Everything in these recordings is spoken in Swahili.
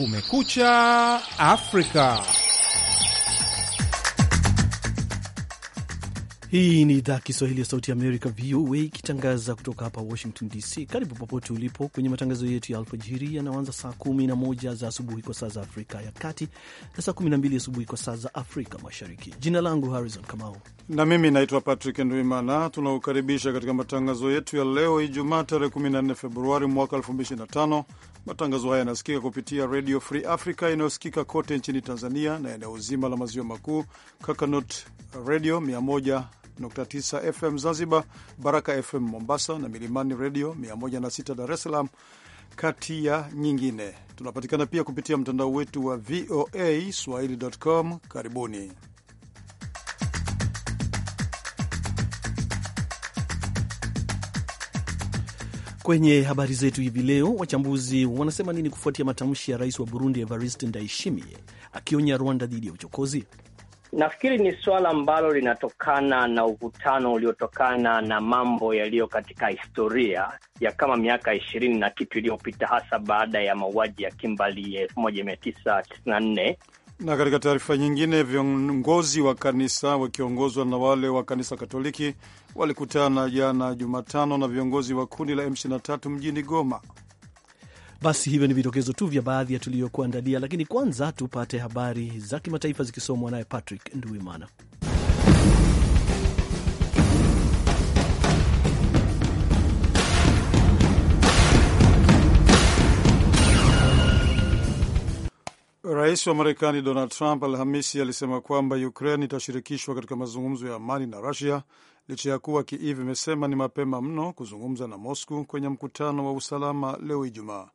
Kumekucha Afrika. Hii ni idhaa Kiswahili ya Sauti ya Amerika, VOA, ikitangaza kutoka hapa Washington DC. Karibu popote ulipo kwenye matangazo yetu ya alfajiri yanaoanza saa 11 za asubuhi kwa saa za Afrika ya Kati na saa 12 asubuhi kwa saa za Afrika Mashariki. Jina langu Harrison Kamau na mimi naitwa Patrick Ndwimana. Tunakukaribisha katika matangazo yetu ya leo Ijumaa, tarehe 14 Februari mwaka 2025. Matangazo haya yanasikika kupitia Radio Free Africa inayosikika kote nchini Tanzania na eneo zima la maziwa makuu, Kakanot Radio 1 93.9 FM Zanzibar, Baraka FM Mombasa na Milimani Redio 106 Dar es Salaam, kati ya nyingine. Tunapatikana pia kupitia mtandao wetu wa VOA swahili.com. Karibuni. Kwenye habari zetu hivi leo, wachambuzi wanasema nini kufuatia matamshi ya rais wa Burundi Evariste Ndayishimiye akionya Rwanda dhidi ya uchokozi? Nafikiri ni suala ambalo linatokana na uvutano uliotokana na mambo yaliyo katika historia ya kama miaka ishirini na kitu iliyopita, hasa baada ya mauaji ya Kimbali elfu moja mia tisa tisini na nne. Na katika taarifa nyingine, viongozi wa kanisa wakiongozwa na wale wa kanisa Katoliki walikutana jana Jumatano na viongozi wa kundi la M23 mjini Goma basi hivyo ni vidokezo tu vya baadhi ya tuliyokuandalia, lakini kwanza tupate habari za kimataifa zikisomwa naye Patrick nduimana Rais wa Marekani Donald Trump Alhamisi alisema kwamba Ukraine itashirikishwa katika mazungumzo ya amani na Rusia licha ya kuwa Kiev imesema ni mapema mno kuzungumza na Moscow kwenye mkutano wa usalama leo Ijumaa.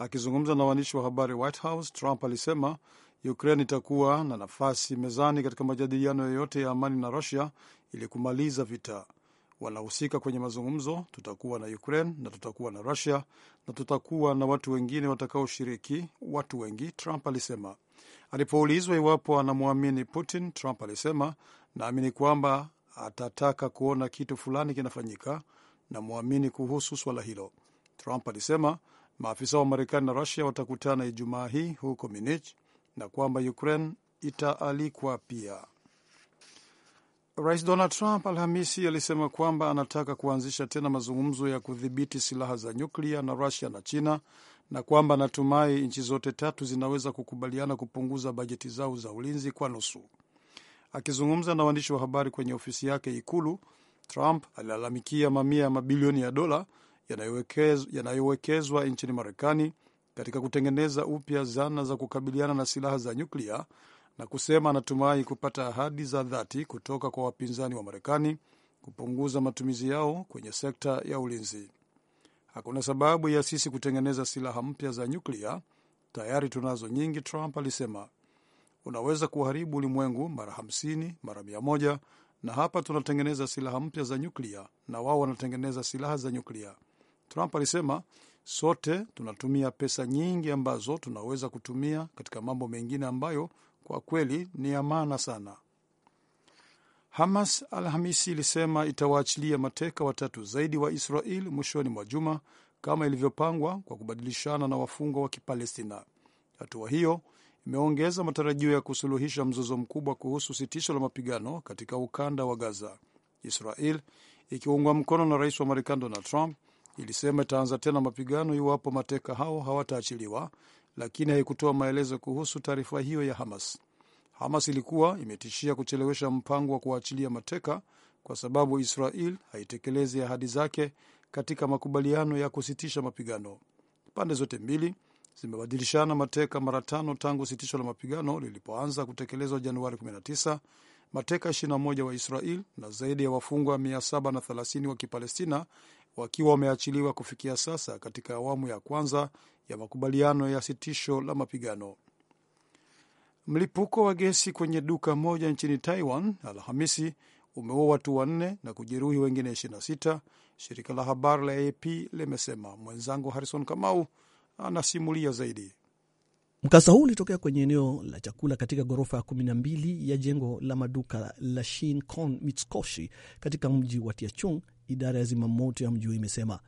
Akizungumza na waandishi wa habari White House, Trump alisema Ukraine itakuwa na nafasi mezani katika majadiliano yoyote ya amani na Rusia ili kumaliza vita. Wanahusika kwenye mazungumzo, tutakuwa na Ukraine na tutakuwa na Rusia na tutakuwa na watu wengine watakaoshiriki, watu wengi, Trump alisema. Alipoulizwa iwapo anamwamini Putin, Trump alisema, naamini kwamba atataka kuona kitu fulani kinafanyika, namwamini kuhusu swala hilo. Trump alisema maafisa wa Marekani na Rusia watakutana Ijumaa hii huko Minich na kwamba Ukraine itaalikwa pia. Rais Donald Trump Alhamisi alisema kwamba anataka kuanzisha tena mazungumzo ya kudhibiti silaha za nyuklia na Rusia na China na kwamba anatumai nchi zote tatu zinaweza kukubaliana kupunguza bajeti zao za ulinzi kwa nusu. Akizungumza na waandishi wa habari kwenye ofisi yake Ikulu, Trump alilalamikia mamia ya mabilioni ya dola yanayowekezwa nchini Marekani katika kutengeneza upya zana za kukabiliana na silaha za nyuklia na kusema anatumai kupata ahadi za dhati kutoka kwa wapinzani wa Marekani kupunguza matumizi yao kwenye sekta ya ulinzi. Hakuna sababu ya sisi kutengeneza silaha mpya za nyuklia, tayari tunazo nyingi, Trump alisema. Unaweza kuharibu ulimwengu mara hamsini, mara mia moja, na hapa tunatengeneza silaha mpya za nyuklia na wao wanatengeneza silaha za nyuklia. Trump alisema sote tunatumia pesa nyingi ambazo tunaweza kutumia katika mambo mengine ambayo kwa kweli ni ya maana sana. Hamas Alhamisi ilisema itawaachilia mateka watatu zaidi wa Israel mwishoni mwa juma kama ilivyopangwa kwa kubadilishana na wafungwa wa Kipalestina. Hatua hiyo imeongeza matarajio ya kusuluhisha mzozo mkubwa kuhusu sitisho la mapigano katika ukanda wa Gaza. Israel ikiungwa mkono na rais wa Marekani Donald Trump ilisema itaanza tena mapigano iwapo mateka hao hawataachiliwa, lakini haikutoa maelezo kuhusu taarifa hiyo ya Hamas. Hamas ilikuwa imetishia kuchelewesha mpango wa kuwaachilia mateka kwa sababu Israel haitekelezi ahadi zake katika makubaliano ya kusitisha mapigano. Pande zote mbili zimebadilishana mateka mara tano tangu sitisho la mapigano lilipoanza kutekelezwa Januari 19. Mateka 21 wa Israel na zaidi ya wafungwa 730 wa Kipalestina wakiwa wameachiliwa kufikia sasa katika awamu ya kwanza ya makubaliano ya sitisho la mapigano. Mlipuko wa gesi kwenye duka moja nchini Taiwan Alhamisi umeua watu wanne na kujeruhi wengine 26, shirika la habari la AP limesema. Mwenzangu Harrison Kamau anasimulia zaidi. Mkasa huu ulitokea kwenye eneo la chakula katika ghorofa ya 12 ya jengo la maduka la Shin Kong Mitsukoshi katika mji wa Tiachung, idara ya zimamoto ya mji imesema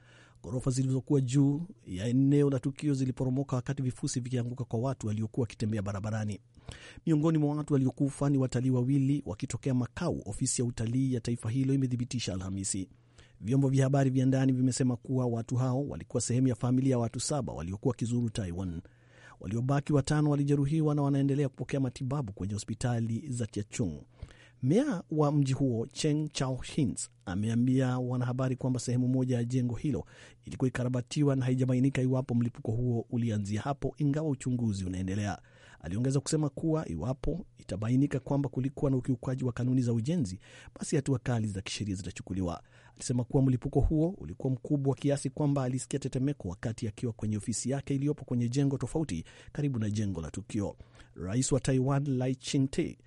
ghorofa zilizokuwa juu ya eneo la tukio ziliporomoka wakati vifusi vikianguka kwa watu waliokuwa wakitembea barabarani. Miongoni mwa watu waliokufa ni watalii wawili wakitokea Makau, ofisi ya utalii ya taifa hilo imethibitisha Alhamisi. Vyombo vya habari vya ndani vimesema kuwa watu hao walikuwa sehemu ya familia ya watu saba waliokuwa wakizuru Taiwan. Waliobaki watano walijeruhiwa na wanaendelea kupokea matibabu kwenye hospitali za Tiachung. Meya wa mji huo Cheng Chao-hins ameambia wanahabari kwamba sehemu moja ya jengo hilo ilikuwa ikarabatiwa na haijabainika iwapo mlipuko huo ulianzia hapo, ingawa uchunguzi unaendelea. Aliongeza kusema kuwa iwapo itabainika kwamba kulikuwa na ukiukaji wa kanuni za ujenzi, basi hatua kali za kisheria zitachukuliwa. Alisema kuwa mlipuko huo ulikuwa mkubwa kiasi kwamba alisikia tetemeko wakati akiwa kwenye ofisi yake iliyopo kwenye jengo tofauti karibu na jengo la tukio. Rais wa Taiwan Lai Ching-te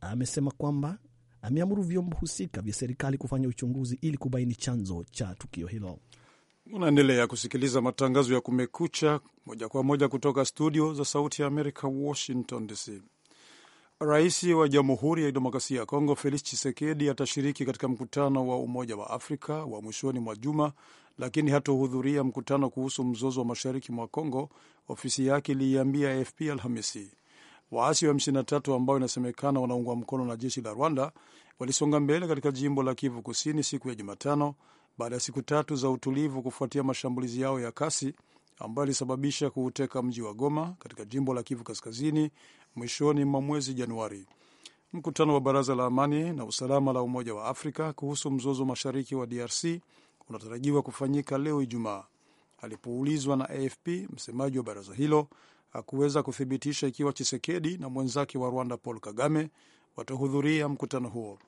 amesema kwamba ameamuru vyombo husika vya serikali kufanya uchunguzi ili kubaini chanzo cha tukio hilo. Unaendelea kusikiliza matangazo ya Kumekucha moja kwa moja kutoka studio za Sauti ya Amerika, Washington DC. Rais wa Jamhuri ya Demokrasia ya Kongo Felix Tshisekedi atashiriki katika mkutano wa Umoja wa Afrika wa mwishoni mwa juma, lakini hatohudhuria mkutano kuhusu mzozo wa mashariki mwa Kongo, ofisi yake iliiambia AFP Alhamisi. Waasi wa M23 ambao inasemekana wanaungwa mkono na jeshi la Rwanda walisonga mbele katika jimbo la Kivu Kusini siku ya Jumatano baada ya siku tatu za utulivu kufuatia mashambulizi yao ya kasi ambayo ilisababisha kuuteka mji wa Goma katika jimbo la Kivu Kaskazini mwishoni mwa mwezi Januari. Mkutano wa Baraza la Amani na Usalama la Umoja wa Afrika kuhusu mzozo mashariki wa DRC unatarajiwa kufanyika leo Ijumaa. Alipoulizwa na AFP, msemaji wa baraza hilo hakuweza kuthibitisha ikiwa Chisekedi na mwenzake wa Rwanda Paul Kagame watahudhuria mkutano huo.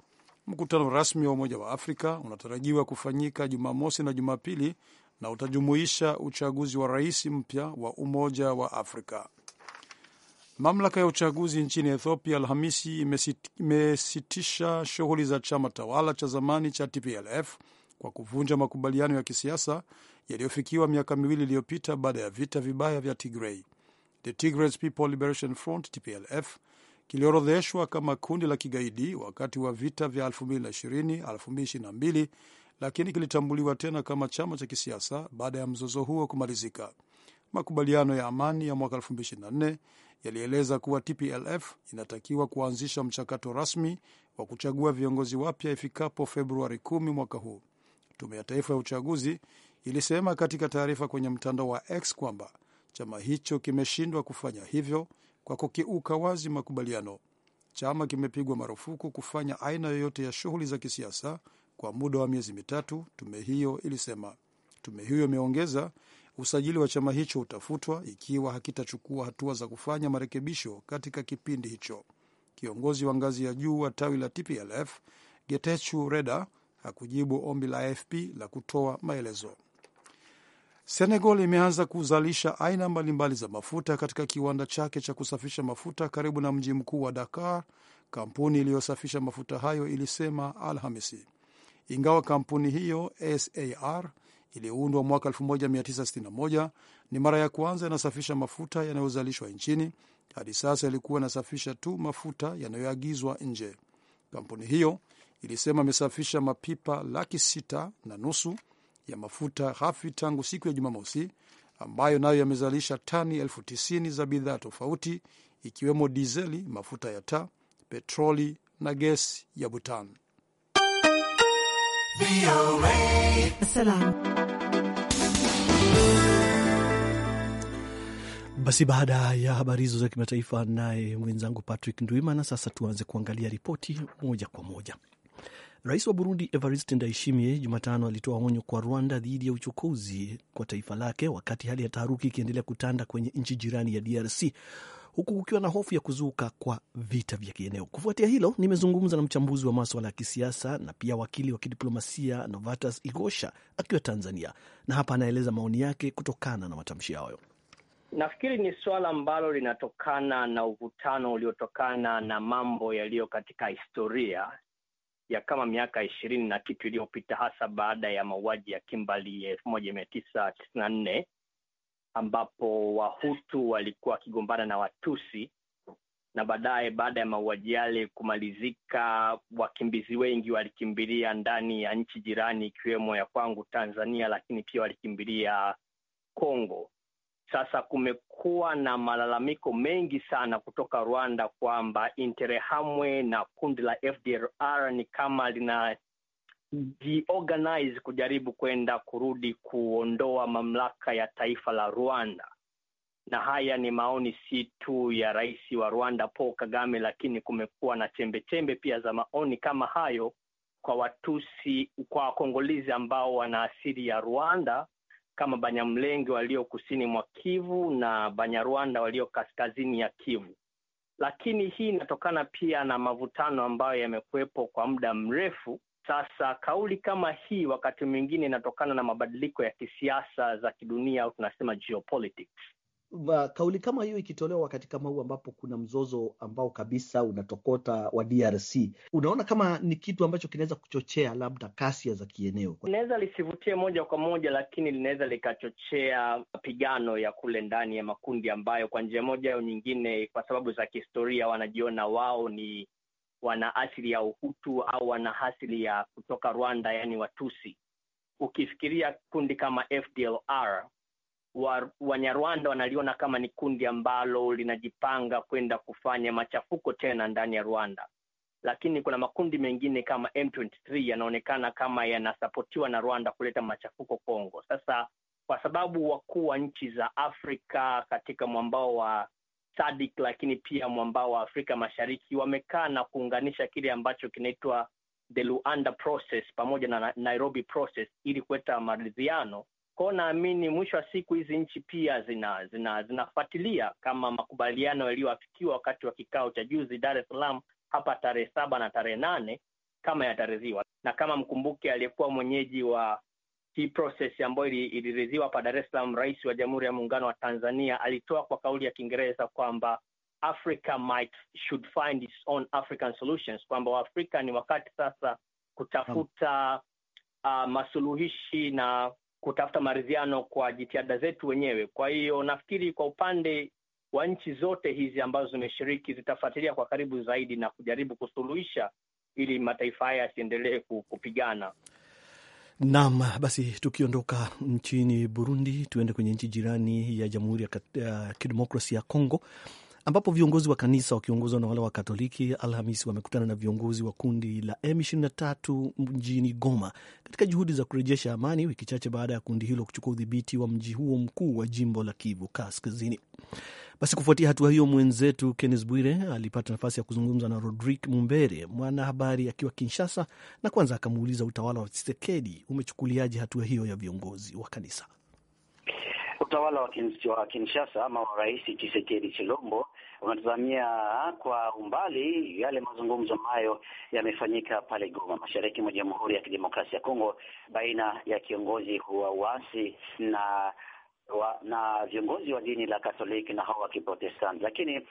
Mkutano rasmi wa Umoja wa Afrika unatarajiwa kufanyika Jumamosi na Jumapili na utajumuisha uchaguzi wa rais mpya wa Umoja wa Afrika. Mamlaka ya uchaguzi nchini Ethiopia Alhamisi imesitisha shughuli za chama tawala cha zamani cha TPLF kwa kuvunja makubaliano ya kisiasa yaliyofikiwa miaka miwili iliyopita baada ya vita vibaya vya Tigrei. The Tigray People Liberation Front TPLF kiliorodheshwa kama kundi la kigaidi wakati wa vita vya 2020 2022, lakini kilitambuliwa tena kama chama cha kisiasa baada ya mzozo huo kumalizika. Makubaliano ya amani ya mwaka 2024 yalieleza kuwa TPLF inatakiwa kuanzisha mchakato rasmi wa kuchagua viongozi wapya ifikapo Februari 10 mwaka huu. Tume ya Taifa ya Uchaguzi ilisema katika taarifa kwenye mtandao wa X kwamba Chama hicho kimeshindwa kufanya hivyo kwa kukiuka wazi makubaliano. Chama kimepigwa marufuku kufanya aina yoyote ya shughuli za kisiasa kwa muda wa miezi mitatu, tume hiyo ilisema. Tume hiyo imeongeza, usajili wa chama hicho utafutwa ikiwa hakitachukua hatua za kufanya marekebisho katika kipindi hicho. Kiongozi wa ngazi ya juu wa tawi la TPLF Getachew Reda hakujibu ombi la AFP la kutoa maelezo. Senegal imeanza kuzalisha aina mbalimbali za mafuta katika kiwanda chake cha kusafisha mafuta karibu na mji mkuu wa Dakar, kampuni iliyosafisha mafuta hayo ilisema Alhamisi. Ingawa kampuni hiyo SAR iliyoundwa mwaka 1961 ni mara ya kwanza inasafisha mafuta yanayozalishwa nchini. Hadi sasa ilikuwa inasafisha tu mafuta yanayoagizwa nje. Kampuni hiyo ilisema imesafisha mapipa laki sita na nusu ya mafuta ghafi tangu siku ya Jumamosi, ambayo nayo yamezalisha tani elfu tisini za bidhaa tofauti ikiwemo dizeli, mafuta ya taa, petroli na gesi ya butan. Basi baada ya habari hizo za kimataifa, naye mwenzangu Patrick Ndwimana, sasa tuanze kuangalia ripoti moja kwa moja. Rais wa Burundi Evariste Ndayishimiye Jumatano alitoa onyo kwa Rwanda dhidi ya uchokozi kwa taifa lake, wakati hali ya taharuki ikiendelea kutanda kwenye nchi jirani ya DRC huku kukiwa na hofu ya kuzuka kwa vita vya kieneo. Kufuatia hilo, nimezungumza na mchambuzi wa maswala ya kisiasa na pia wakili wa kidiplomasia Novatus Igosha akiwa Tanzania, na hapa anaeleza maoni yake kutokana na matamshi hayo. Nafikiri ni suala ambalo linatokana na uvutano uliotokana na mambo yaliyo katika historia ya kama miaka ishirini na kitu iliyopita, hasa baada ya mauaji ya Kimbali elfu moja mia tisa tisini na nne ambapo Wahutu walikuwa wakigombana na Watusi na baadaye, baada ya mauaji yale kumalizika, wakimbizi wengi walikimbilia ndani ya nchi jirani ikiwemo ya kwangu Tanzania, lakini pia walikimbilia Kongo. Sasa kumekuwa na malalamiko mengi sana kutoka Rwanda kwamba Interahamwe na kundi la FDLR ni kama lina jiorganize kujaribu kwenda kurudi kuondoa mamlaka ya taifa la Rwanda. Na haya ni maoni si tu ya rais wa Rwanda Paul Kagame, lakini kumekuwa na chembe chembe pia za maoni kama hayo kwa Watusi, kwa Wakongolizi ambao wana asili ya Rwanda kama Banyamlenge walio kusini mwa Kivu na Banyarwanda walio kaskazini ya Kivu. Lakini hii inatokana pia na mavutano ambayo yamekuwepo kwa muda mrefu sasa. Kauli kama hii wakati mwingine inatokana na mabadiliko ya kisiasa za kidunia au tunasema geopolitics kauli kama hiyo ikitolewa wakati kama huu ambapo kuna mzozo ambao kabisa unatokota wa DRC, unaona kama ni kitu ambacho kinaweza kuchochea labda kasia za kieneo? Linaweza lisivutie moja kwa moja, lakini linaweza likachochea mapigano ya kule ndani ya makundi ambayo kwa njia moja au nyingine, kwa sababu za kihistoria, wanajiona wao ni wana asili ya Uhutu au wana asili ya kutoka Rwanda, yani Watusi. Ukifikiria kundi kama FDLR wa, Wanyarwanda wanaliona kama ni kundi ambalo linajipanga kwenda kufanya machafuko tena ndani ya Rwanda, lakini kuna makundi mengine kama M23 yanaonekana kama yanasapotiwa na Rwanda kuleta machafuko Kongo. Sasa kwa sababu wakuu wa nchi za Afrika katika mwambao wa SADC, lakini pia mwambao wa Afrika Mashariki wamekaa na kuunganisha kile ambacho kinaitwa the Luanda process pamoja na Nairobi process ili kuleta maridhiano Kwao naamini mwisho wa siku hizi nchi pia zina zinafuatilia zina kama makubaliano yaliyoafikiwa wakati wa kikao cha juzi Dar es Salaam hapa tarehe saba na tarehe nane kama yataridhiwa, na kama mkumbuke, aliyekuwa mwenyeji wa hii process ambayo iliridhiwa hapa Dar es Salaam, Rais wa Jamhuri ya Muungano wa Tanzania alitoa kwa kauli ya Kiingereza kwamba Africa might should find its own African solutions, kwamba Waafrika ni wakati sasa kutafuta uh, masuluhishi na kutafuta maridhiano kwa jitihada zetu wenyewe. Kwa hiyo nafikiri kwa upande wa nchi zote hizi ambazo zimeshiriki zitafuatilia kwa karibu zaidi na kujaribu kusuluhisha ili mataifa haya yasiendelee kupigana. Naam, basi tukiondoka nchini Burundi tuende kwenye nchi jirani ya Jamhuri ya Kidemokrasia ya Kongo ambapo viongozi wa kanisa wakiongozwa na wale wa Katoliki Alhamisi wamekutana na viongozi wa kundi la M23 mjini Goma katika juhudi za kurejesha amani, wiki chache baada ya kundi hilo kuchukua udhibiti wa mji huo mkuu wa jimbo la Kivu Kaskazini. Basi kufuatia hatua hiyo, mwenzetu Kennes Bwire alipata nafasi ya kuzungumza na Rodrik Mumbere, mwanahabari akiwa Kinshasa, na kwanza akamuuliza utawala wa chisekedi umechukuliaje hatua hiyo ya viongozi wa kanisa utawala wa Kinshasa ama wa Rais Tshisekedi Chilombo unatazamia kwa umbali yale mazungumzo ambayo yamefanyika pale Goma, mashariki mwa Jamhuri ya Kidemokrasia ya Kongo, baina ya kiongozi wa uasi na wa, na viongozi wa dini la Katoliki na hao wa Kiprotestanti, lakini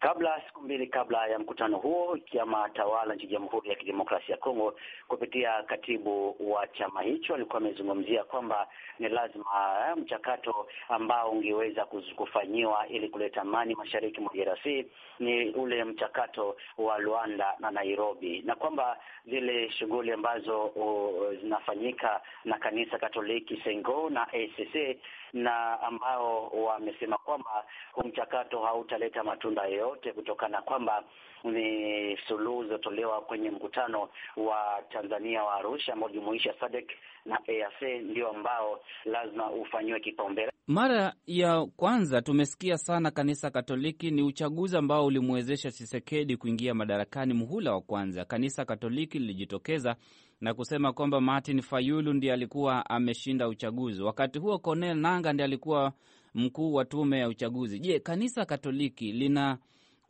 Kabla siku mbili kabla ya mkutano huo, chama tawala nchi Jamhuri ya Kidemokrasia ya Kongo kupitia katibu wa chama hicho alikuwa amezungumzia kwamba ni lazima eh, mchakato ambao ungeweza kufanyiwa ili kuleta amani mashariki mwa DRC ni ule mchakato wa Luanda na Nairobi, na kwamba zile shughuli ambazo o, uh, zinafanyika na kanisa Katoliki Sengo na ACC na ambao wamesema kwamba mchakato hautaleta matunda yoyote kutokana kwamba ni suluhu zilizotolewa kwenye mkutano wa Tanzania wa Arusha ambao jumuisha SADC na EAC ndio ambao lazima ufanyiwe kipaumbele. Mara ya kwanza tumesikia sana kanisa Katoliki. Ni uchaguzi ambao ulimwezesha Chisekedi kuingia madarakani muhula wa kwanza. Kanisa Katoliki lilijitokeza na kusema kwamba Martin Fayulu ndiye alikuwa ameshinda uchaguzi. Wakati huo Cornel Nanga ndiye alikuwa mkuu wa tume ya uchaguzi. Je, kanisa Katoliki lina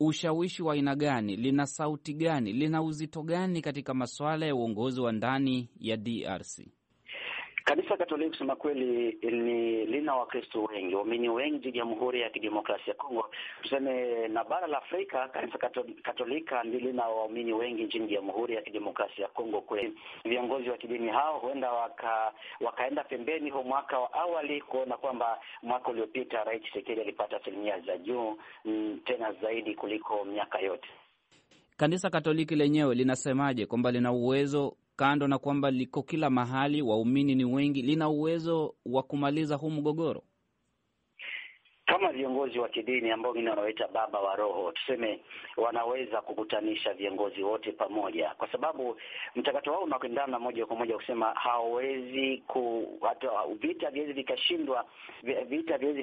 ushawishi wa aina gani? Lina sauti gani? Lina uzito gani katika masuala ya uongozi wa ndani ya DRC? Kanisa Katoliki kusema kweli ni lina Wakristo wengi, waumini wengi Jamhuri ya Kidemokrasia ya Kongo, tuseme na bara la Afrika. Kanisa Katolika ndi lina waumini wengi nchini Jamhuri ya Kidemokrasia ya Kongo. Kwe viongozi wa kidini hao huenda waka, wakaenda pembeni huo mwaka wa awali kuona kwamba mwaka uliopita Rais Tshisekedi alipata asilimia za juu mm, tena zaidi kuliko miaka yote. Kanisa Katoliki lenyewe linasemaje kwamba lina uwezo kando na kwamba liko kila mahali, waumini ni wengi, lina uwezo wa kumaliza huu mgogoro? kama viongozi wa kidini ambao mimi nawaita baba wa roho, tuseme, wanaweza kukutanisha viongozi wote pamoja, kwa sababu mchakato wao unakwendana moja kwa moja kusema hawawezi ku hata vita viwezi vikashindwa, vita viwezi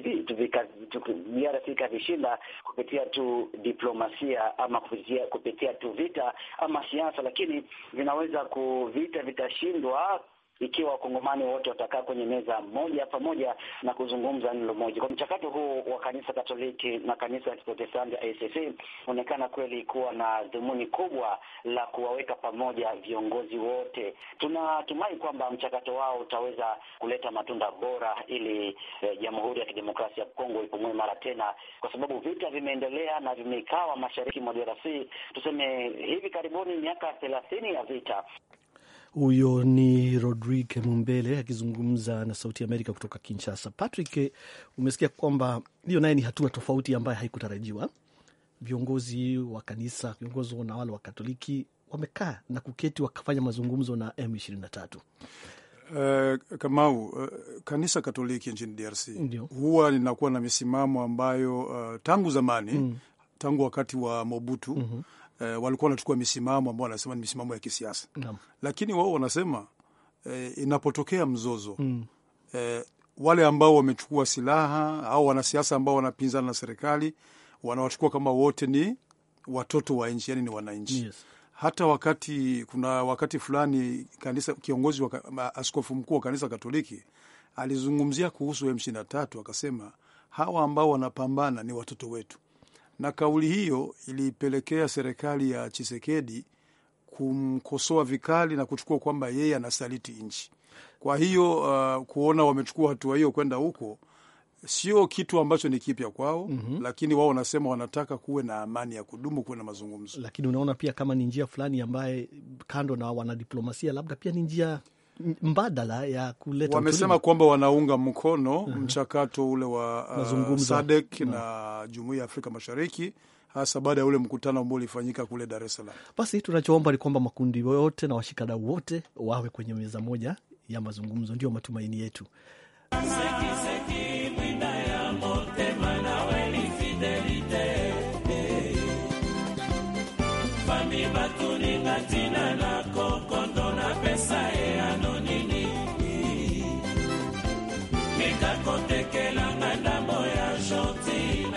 vikavishinda kupitia tu diplomasia ama kupitia, kupitia tu vita ama siasa, lakini vinaweza ku vita vitashindwa ikiwa wakongomani wote watakaa kwenye meza moja pamoja na kuzungumza neno moja. Kwa mchakato huu wa kanisa Katoliki na kanisa la Kiprotestanti ACC unaonekana kweli kuwa na dhumuni kubwa la kuwaweka pamoja viongozi wote. Tunatumai kwamba mchakato wao utaweza kuleta matunda bora ili eh, Jamhuri ya Kidemokrasia ya Kongo ipumue mara tena, kwa sababu vita vimeendelea na vimekawa mashariki mwa DRC tuseme hivi karibuni miaka thelathini ya vita. Huyo ni Rodrigue Mumbele akizungumza na Sauti ya Amerika kutoka Kinshasa. Patrick, umesikia kwamba hiyo naye ni hatua tofauti ambayo haikutarajiwa. Viongozi wa kanisa, viongozi na wale wa Katoliki wamekaa na kuketi wakafanya mazungumzo na M23. Uh, eh, Kamau, uh, kanisa Katoliki nchini DRC huwa linakuwa na misimamo ambayo uh, tangu zamani mm. tangu wakati wa Mobutu mm -hmm e, walikuwa wanachukua misimamo ambao wanasema ni misimamo ya kisiasa Nam. Lakini wao wanasema e, inapotokea mzozo mm. e, wale ambao wamechukua silaha au wanasiasa ambao wanapinzana na serikali wanawachukua kama wote ni watoto wa nchi, yani ni wananchi yes. Hata wakati kuna wakati fulani kanisa kiongozi wa askofu mkuu wa kanisa Katoliki alizungumzia kuhusu M23 akasema hawa ambao wanapambana ni watoto wetu na kauli hiyo ilipelekea serikali ya Chisekedi kumkosoa vikali na kuchukua kwamba yeye anasaliti nchi. Kwa hiyo uh, kuona wamechukua hatua hiyo kwenda huko sio kitu ambacho ni kipya kwao. mm -hmm. Lakini wao wanasema wanataka kuwe na amani ya kudumu, kuwe na mazungumzo. Lakini unaona pia kama ni njia fulani ambaye kando na wanadiplomasia, labda pia ni njia mbadala ya kuleta. Wamesema kwamba wanaunga mkono uh -huh. mchakato ule wa uh, SADC na, na Jumuiya ya Afrika Mashariki hasa baada ya ule mkutano ambao ulifanyika kule Dar es Salaam. Basi tunachoomba ni kwamba makundi yote na washikadau wote wawe kwenye meza moja ya mazungumzo, ndio matumaini yetu.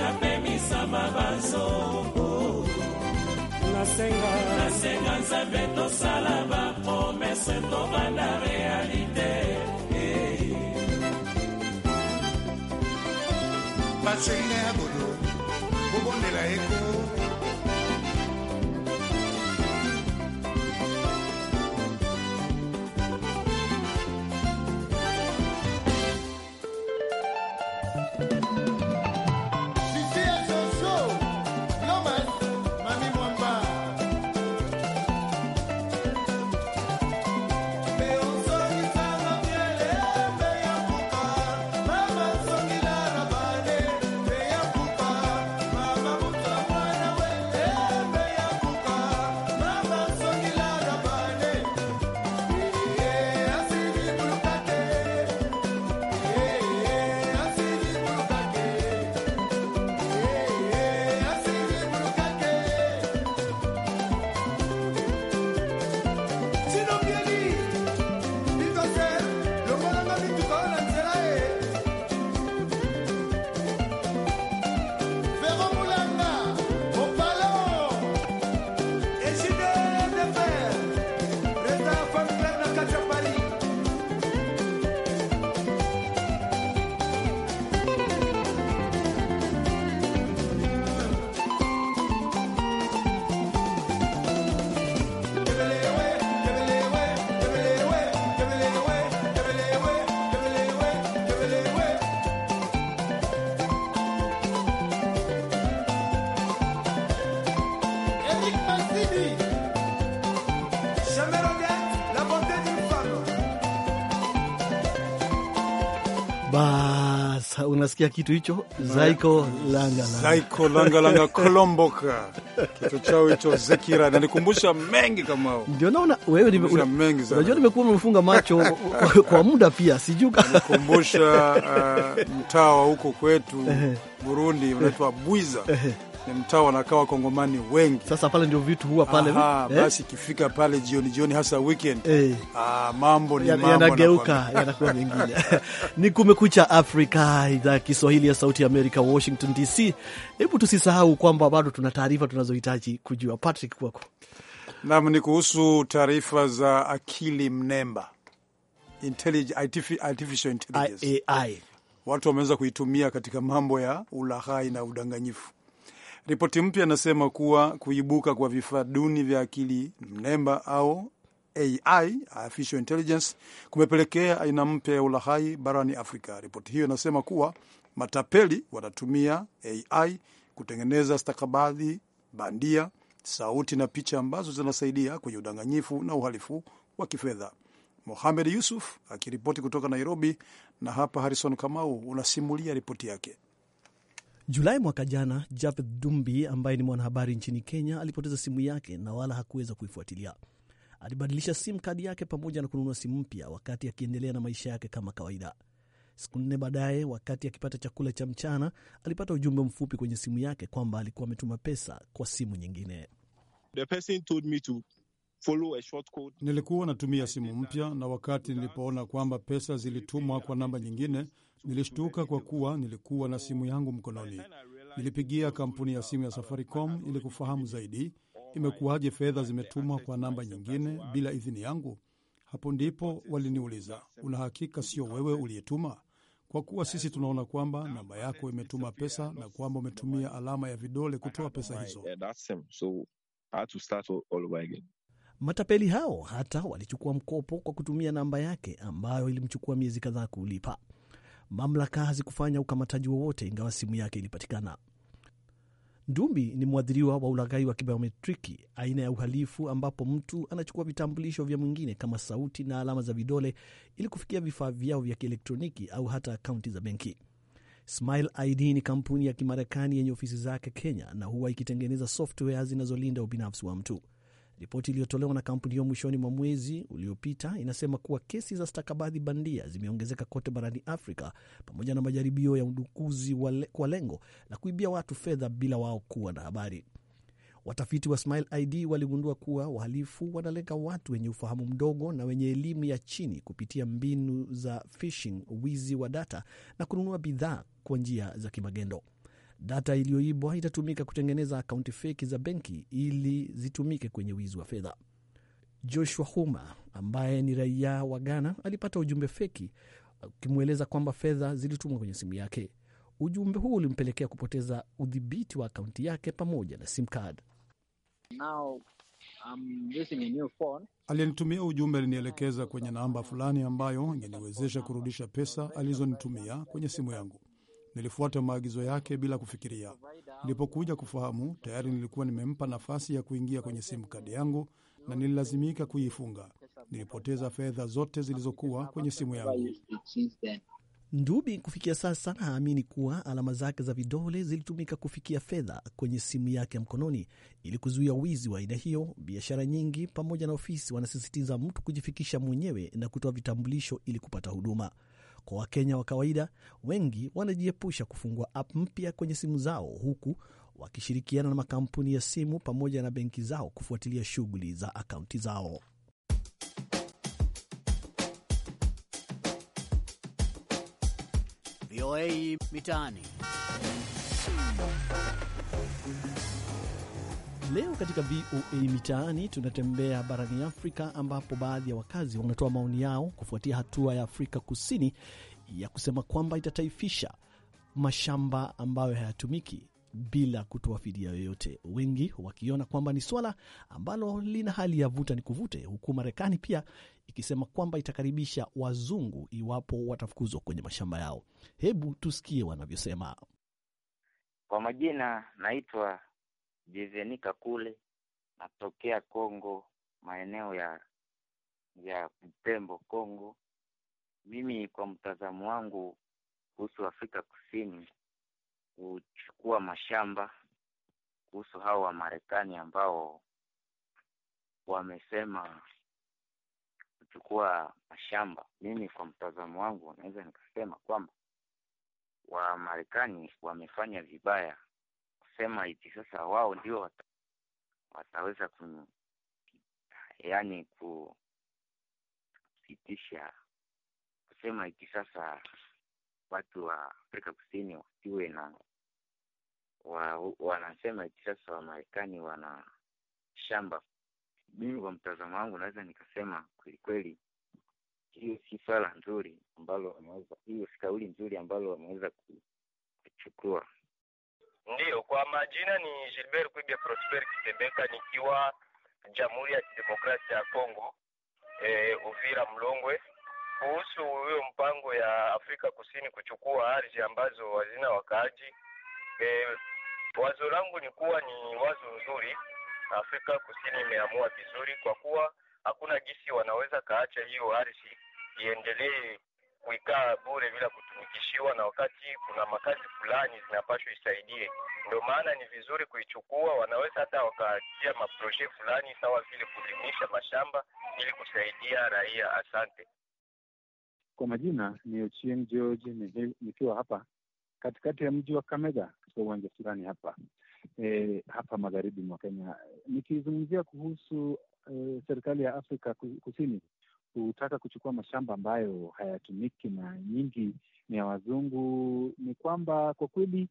napemisa mabanzoko nasenga nasenga nzambe tosala bapromese tobanda realite batseli na ya bodo bobondela yeko Bas, unasikia kitu hicho zaiko langalanga langa, kolomboka kitu chao hicho Zekira nanikumbusha mengi kama ndio naona wewe nime, mengi sana. Unajua nimekuwa nimefunga macho kwa, muda pia sijui nikumbusha uh, mtaa wa huko kwetu Burundi unaitwa Bwiza ni mtaa wanakaa wakongomani wengi. Sasa pale ndio vitu huwa pale Aha, eh? Basi ikifika pale jioni jioni, hasa weekend eh, ah, mambo ni mambo yanageuka yanakuwa mengine. Ni Kumekucha Afrika, idhaa ya Kiswahili ya Sauti ya Amerika, Washington DC. Hebu tusisahau kwamba bado tuna taarifa tunazohitaji kujua. Patrick, kwako. Naam, ni kuhusu taarifa za akili mnemba Intellig artificial intelligence, AI. watu wameweza kuitumia katika mambo ya ulaghai na udanganyifu. Ripoti mpya inasema kuwa kuibuka kwa vifaa duni vya akili mnemba au AI, artificial intelligence, kumepelekea aina mpya ya ulahai barani Afrika. Ripoti hiyo inasema kuwa matapeli watatumia AI kutengeneza stakabadhi bandia, sauti na picha ambazo zinasaidia kwenye udanganyifu na uhalifu wa kifedha. Mohamed Yusuf akiripoti kutoka Nairobi, na hapa Harrison Kamau unasimulia ripoti yake. Julai mwaka jana, Japhet Dumbi ambaye ni mwanahabari nchini Kenya alipoteza simu yake na wala hakuweza kuifuatilia. Alibadilisha simu kadi yake pamoja na kununua simu mpya, wakati akiendelea na maisha yake kama kawaida. Siku nne baadaye, wakati akipata chakula cha mchana, alipata ujumbe mfupi kwenye simu yake kwamba alikuwa ametuma pesa kwa simu nyingine. The person told me to follow a short code. Nilikuwa natumia simu mpya, na wakati nilipoona kwamba pesa zilitumwa kwa namba nyingine Nilishtuka kwa kuwa nilikuwa na simu yangu mkononi. Nilipigia kampuni ya simu ya Safaricom ili kufahamu zaidi, imekuwaje fedha zimetumwa kwa namba nyingine bila idhini yangu? Hapo ndipo waliniuliza, una hakika sio wewe uliyetuma? Kwa kuwa sisi tunaona kwamba namba yako imetuma pesa na kwamba umetumia alama ya vidole kutoa pesa hizo. Matapeli hao hata walichukua mkopo kwa kutumia namba yake ambayo ilimchukua miezi kadhaa kulipa Mamlaka hazikufanya ukamataji wowote, ingawa simu yake ilipatikana. Ndumbi ni mwathiriwa wa ulaghai wa kibiometriki, aina ya uhalifu ambapo mtu anachukua vitambulisho vya mwingine kama sauti na alama za vidole ili kufikia vifaa vyao vya kielektroniki au hata akaunti za benki. Smile ID ni kampuni ya Kimarekani yenye ofisi zake Kenya na huwa ikitengeneza software zinazolinda ubinafsi wa mtu. Ripoti iliyotolewa na kampuni hiyo mwishoni mwa mwezi uliopita inasema kuwa kesi za stakabadhi bandia zimeongezeka kote barani Afrika pamoja na majaribio ya udukuzi wale, kwa lengo la kuibia watu fedha bila wao kuwa na habari. Watafiti wa Smile ID waligundua kuwa wahalifu wanalenga watu wenye ufahamu mdogo na wenye elimu ya chini kupitia mbinu za phishing, wizi wa data na kununua bidhaa kwa njia za kimagendo. Data iliyoibwa itatumika kutengeneza akaunti feki za benki ili zitumike kwenye wizi wa fedha. Joshua Huma ambaye ni raia wa Ghana alipata ujumbe feki ukimweleza kwamba fedha zilitumwa kwenye simu yake. Ujumbe huu ulimpelekea kupoteza udhibiti wa akaunti yake pamoja na sim card. aliyenitumia ujumbe alinielekeza kwenye namba fulani ambayo ingeniwezesha kurudisha pesa alizonitumia kwenye simu yangu. Nilifuata maagizo yake bila kufikiria. Nilipokuja kufahamu, tayari nilikuwa nimempa nafasi ya kuingia kwenye simu kadi yangu na nililazimika kuifunga. Nilipoteza fedha zote zilizokuwa kwenye simu yangu. Ndubi kufikia sasa haamini kuwa alama zake za vidole zilitumika kufikia fedha kwenye simu yake ya mkononi ili kuzuia wizi wa aina hiyo. Biashara nyingi pamoja na ofisi wanasisitiza mtu kujifikisha mwenyewe na kutoa vitambulisho ili kupata huduma. Kwa Wakenya wa kawaida, wengi wanajiepusha kufungua app mpya kwenye simu zao, huku wakishirikiana na makampuni ya simu pamoja na benki zao kufuatilia shughuli za akaunti zao. VOA Mitaani. Leo katika VOA Mitaani tunatembea barani Afrika, ambapo baadhi ya wakazi wanatoa maoni yao kufuatia hatua ya Afrika Kusini ya kusema kwamba itataifisha mashamba ambayo hayatumiki bila kutoa fidia yoyote, wengi wakiona kwamba ni swala ambalo lina hali ya vuta ni kuvute, huku Marekani pia ikisema kwamba itakaribisha wazungu iwapo watafukuzwa kwenye mashamba yao. Hebu tusikie wanavyosema. Kwa majina naitwa jivenika kule natokea Kongo, maeneo ya ya Butembo, Kongo. Mimi kwa mtazamo wangu kuhusu Afrika Kusini huchukua mashamba kuhusu hao wa Marekani ambao wamesema kuchukua mashamba. Mimi kwa mtazamo wangu naweza nikasema kwamba Wamarekani wamefanya vibaya wanasema iti sasa wao ndio wata, wataweza ku yaani kusitisha kusema iti sasa watu wa Afrika Kusini wasiwe na wa, wanasema iti sasa Wamarekani wana shamba. Mimi kwa mtazamo wangu naweza nikasema kweli kweli hiyo si swala nzuri ambalo wameweza, hiyo si kauli nzuri ambalo wameweza kuchukua. Ndiyo, kwa majina ni Gilbert Kwibia Prosper Kitebeka, nikiwa Jamhuri ya Kidemokrasia ya Kongo e, Uvira Mlongwe, kuhusu huyo mpango ya Afrika Kusini kuchukua ardhi ambazo hazina wakaaji. e, wazo langu ni kuwa ni wazo nzuri. Afrika Kusini imeamua vizuri, kwa kuwa hakuna gisi wanaweza kaacha hiyo ardhi iendelee kuikaa bure bila kutumikishiwa, na wakati kuna makazi fulani zinapashwa isaidie. Ndio maana ni vizuri kuichukua, wanaweza hata wakatia maproje fulani sawa vile kulimisha mashamba ili kusaidia raia. Asante. Kwa majina ni Ochieng George, nikiwa hapa katikati ya mji wa Kamega katika uwanja fulani hapa e, hapa magharibi mwa Kenya, nikizungumzia kuhusu e, serikali ya Afrika Kusini kutaka kuchukua mashamba ambayo hayatumiki na nyingi ni ya wazungu, ni kwamba kwa kweli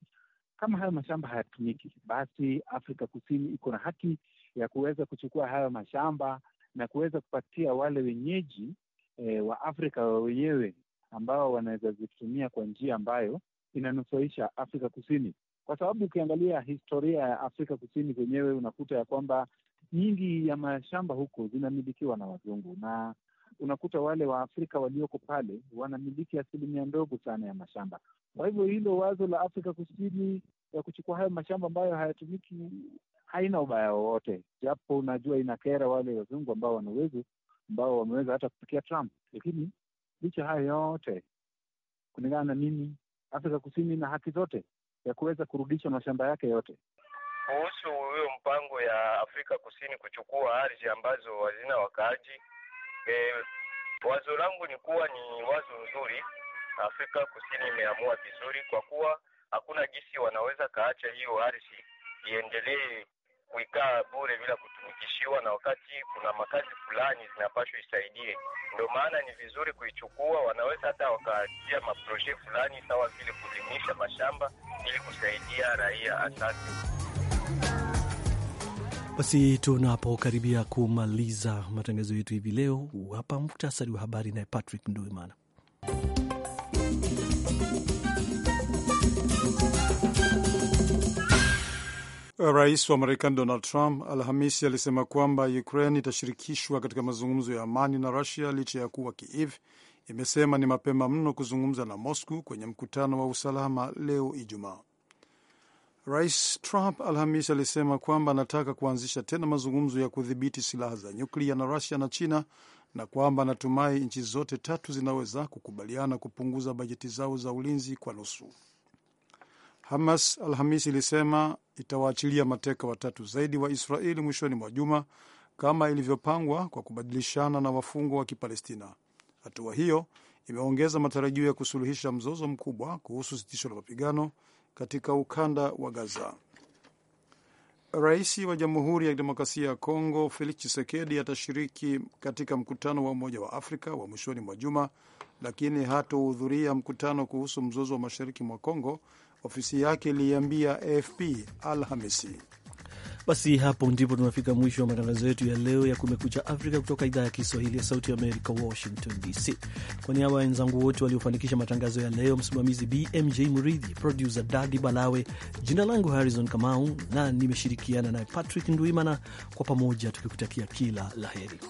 kama hayo mashamba hayatumiki, basi Afrika Kusini iko na haki ya kuweza kuchukua hayo mashamba na kuweza kupatia wale wenyeji e, wa Afrika wenyewe ambao wanaweza zitumia kwa njia ambayo inanufaisha Afrika Kusini, kwa sababu ukiangalia historia ya Afrika Kusini kwenyewe unakuta ya kwamba nyingi ya mashamba huko zinamilikiwa na wazungu, na unakuta wale Waafrika walioko pale wanamiliki asilimia ndogo sana ya mashamba. Kwa hivyo hilo wazo la Afrika Kusini ya kuchukua hayo mashamba ambayo hayatumiki haina ubaya wowote, japo unajua inakera wale wazungu ambao wana uwezo ambao wameweza hata kufikia Trump. Lakini licha hayo yote, kulingana na mimi, Afrika Kusini ina haki zote ya kuweza kurudisha mashamba yake yote. Kuhusu huyo mpango ya Afrika Kusini kuchukua ardhi ambazo hazina wakaaji, E, wazo langu ni kuwa ni wazo nzuri. Afrika Kusini imeamua vizuri, kwa kuwa hakuna jinsi wanaweza kaacha hiyo ardhi iendelee kuikaa bure bila kutumikishiwa, na wakati kuna makazi fulani zinapaswa isaidie. Ndio maana ni vizuri kuichukua. Wanaweza hata wakaanzia maproje fulani, sawa vile kulimisha mashamba ili kusaidia raia. Asante. Basi tunapokaribia kumaliza matangazo yetu hivi leo, hapa mktasari wa habari naye Patrick Nduimana. Rais wa Marekani Donald Trump Alhamisi alisema kwamba Ukraine itashirikishwa katika mazungumzo ya amani na Rusia licha ya kuwa Kiev imesema ni mapema mno kuzungumza na Moscow kwenye mkutano wa usalama leo Ijumaa. Rais Trump Alhamis alisema kwamba anataka kuanzisha tena mazungumzo ya kudhibiti silaha za nyuklia na Rusia na China na kwamba anatumai nchi zote tatu zinaweza kukubaliana kupunguza bajeti zao za ulinzi kwa nusu. Hamas Alhamis ilisema itawaachilia mateka watatu zaidi wa Israeli mwishoni mwa juma kama ilivyopangwa kwa kubadilishana na wafungwa wa Kipalestina. Hatua hiyo imeongeza matarajio ya kusuluhisha mzozo mkubwa kuhusu sitisho la mapigano katika ukanda wa Gaza. Rais wa Jamhuri ya Kidemokrasia ya Kongo Felix Tshisekedi atashiriki katika mkutano wa Umoja wa Afrika wa mwishoni mwa juma, lakini hatohudhuria mkutano kuhusu mzozo wa mashariki mwa Kongo, ofisi yake iliiambia AFP Alhamisi. Basi hapo ndipo tunafika mwisho wa matangazo yetu ya leo ya Kumekucha Afrika kutoka idhaa ya Kiswahili ya Sauti Amerika, Washington DC. Kwa niaba ya wenzangu wote waliofanikisha matangazo ya leo, msimamizi BMJ Muridhi, produsa Dadi Balawe, jina langu Harrison Kamau na nimeshirikiana naye Patrick Ndwimana, kwa pamoja tukikutakia kila la heri.